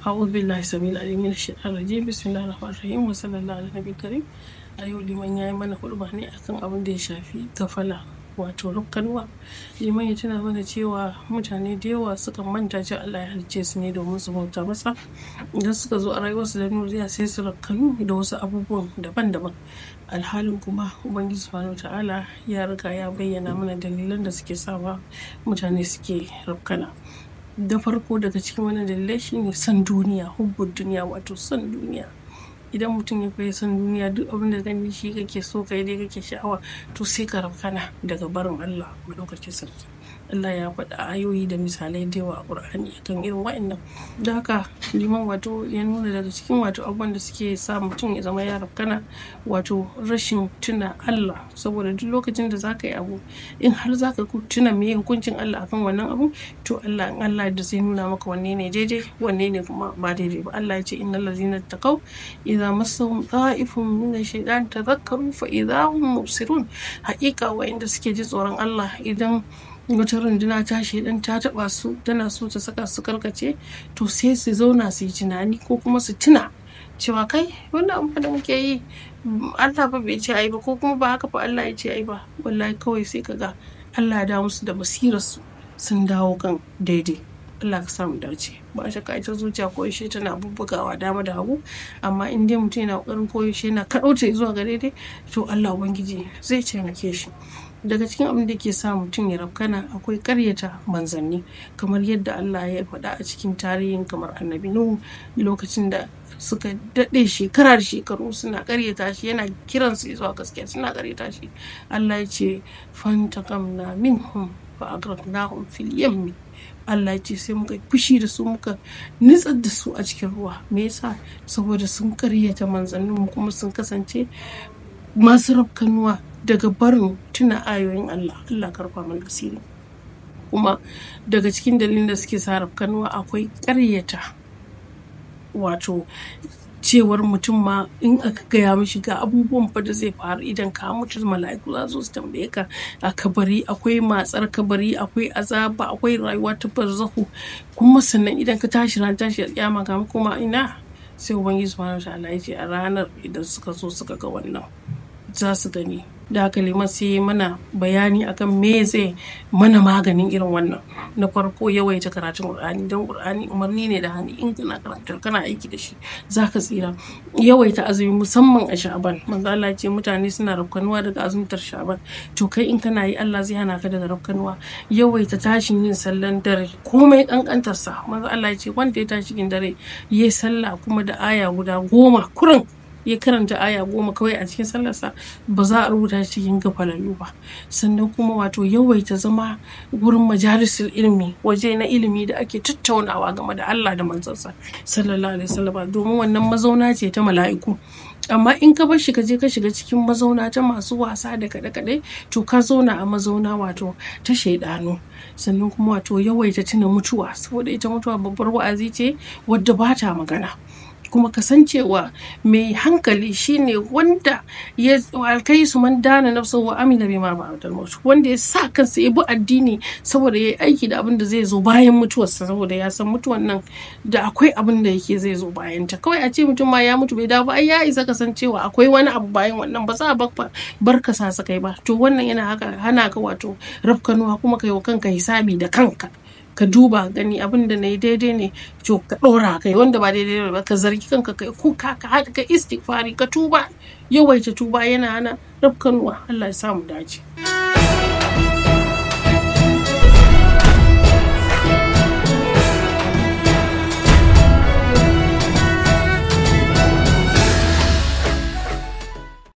أعوذ بالله السميع العليم من الشيطان الرجيم بسم الله الرحمن الرحيم وصلى الله a yau liman ya yi mana hulba ne akan abin da ya shafi gafala wato rukkanwa liman ya tuna mana cewa mutane da yawa sukan manta cewa Allah ya halice su ne domin su bauta masa idan suka zo a rayuwarsu da nuriya sai su rakkanu da wasu abubuwan daban-daban alhalin kuma ubangiji subhanahu ta'ala ya riga ya bayyana mana dalilan da suke sawa mutane suke rakkana da farko daga cikin wani dalilai shine son duniya hubbun duniya wato son duniya idan mutum ya kai san duniya duk abin da gani shi kake so kai dai kake sha'awa to sai ka rabkana daga barin Allah lokacin sarki Allah ya faɗa ayoyi da misalai da yawa a Qur'ani akan irin wa'annan da haka liman wato ya nuna daga cikin wato abubuwan da suke sa mutum ya zama ya rabkana wato rashin tuna Allah saboda duk lokacin da zaka yi abu in har zaka tuna me hukuncin Allah akan wannan abu to Allah in Allah da zai nuna maka wanne ne daidai wanne ne kuma ba daidai ba Allah ya ce innal ladzina taqaw idza masahum ta'ifun min ash-shaytan tadhakkaru fa mubsirun haqiqa wa'inda suke ji tsoron Allah idan wata runduna ta shaidan ta taba su tana so ta saka su karkace to sai su zauna su yi tunani ko kuma su tuna cewa kai wannan abu da muke yi Allah ba bai ce ai ba ko kuma ba haka fa Allah ya ce ai ba wallahi kawai sai kaga Allah ya da musu da basirar su sun dawo kan daidai Allah ka samu dace ba shi ka ita zuciya ko shi tana bubbugawa dama da hagu amma in dai mutum yana kokarin ko shi yana kaɗauce zuwa gare dai. to Allah ubangiji zai taimake shi daga cikin abin da ke sa mutum ya rafkana akwai karyata manzanni kamar yadda Allah ya faɗa a cikin tarihin kamar annabi Nuhu lokacin da suka daɗe shekara da shekaru suna karyata shi yana kiransu zuwa gaskiya suna karyata shi Allah ya ce na minhum fa'aghraqnahum fil yammi Allah ce sai muka fushi da su muka nutsar da su a cikin ruwa me yasa saboda sun karyata mu kuma sun kasance masu rafkanuwa daga barin tuna ayoyin Allah Allah karfa mana asiri kuma daga cikin dalilin da suke sa rafkanuwa akwai karyata wato cewar mutum ma in aka gaya mishi ga abubuwan fa da zai faru idan ka mutu mala'iku za su tambaye ka a kabari akwai matsar kabari akwai azaba akwai rayuwa ta barzahu kuma sannan idan ka tashi ran tashi kiyama ga kuma ina sai ubangiji subhanahu wa ta'ala ya ce a ranar idan suka zo suka ga wannan za su gani da haka liman sai mana bayani akan me zai mana maganin irin wannan na farko yawaita karatun qur'ani don qur'ani umarni ne da hannu in kana karatu kana aiki da shi zaka tsira yawaita azumi musamman a sha'aban manzo ce mutane suna rafkanuwa daga azumtar sha'aban to kai in kana yi Allah zai hana ka daga rafkanuwa yawaita tashin yin sallan dare komai kankantar sa manzo ce wanda ya tashi yin dare yayi sallah kuma da aya guda goma kurin ya karanta aya goma kawai a cikin sallarsa ba za a rubuta shi cikin gafalallu ba sannan kuma wato yawaita zama gurin majalisar ilimi waje na ilimi da ake tattaunawa game da Allah da manzansa sallallahu alaihi wasallam domin wannan mazauna ce ta mala'iku amma in ka bar shi ka je ka shiga cikin mazauna ta masu wasa da kaɗe-kaɗe to ka zauna a mazauna wato ta shaidanu sannan kuma wato yawaita tuna mutuwa saboda ita mutuwa babbar wa'azi ce wadda ba ta magana kuma kasancewa mai hankali shine wanda ya alkai su man dana nafsu wa amina bi ma ba'dal wanda ya sa kansa ya bi addini saboda yi aiki da abin da zai zo bayan mutuwarsa saboda ya san mutuwan nan da akwai abin da yake zai zo bayan ta kawai a ce mutum ma ya mutu bai da ba ai ya isa kasancewa akwai wani abu bayan wannan ba za a bar ka sa kai ba to wannan yana haka, hana ka wato rafkanuwa kuma kai wa kanka hisabi da kanka ka duba gani abin da na yi daidai ne to ka ɗora kai wanda ba daidai ne ba ka zargi kanka kai kuka ka haɗa ka istighfari ka tuba yawaita tuba yana hana rafkanuwa Allah ya samu dace